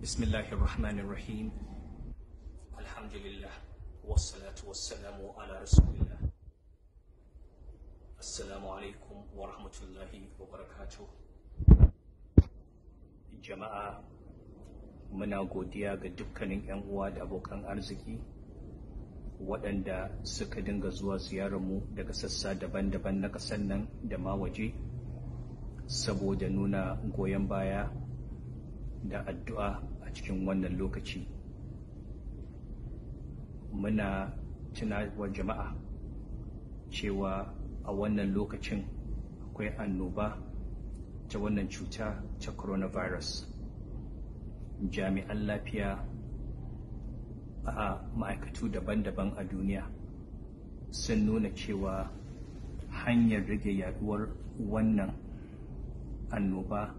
bismillahir rahmanir rahim alhamdulillah wassalatu wassalamu ala rasulillah assalamu alaikum wa rahmatullahi wa barakatuh jama'a muna godiya ga dukkanin 'yan uwa da abokan arziki waɗanda suka dinga zuwa ziyararmu daga sassa daban-daban na ƙasar nan da ma waje saboda nuna goyon baya da addu'a a cikin wannan lokaci muna wa jama'a cewa a wannan lokacin akwai annoba ta wannan cuta ta coronavirus jami'an lafiya a ma'aikatu daban-daban a duniya sun nuna cewa hanyar rage yaɗuwar wannan annoba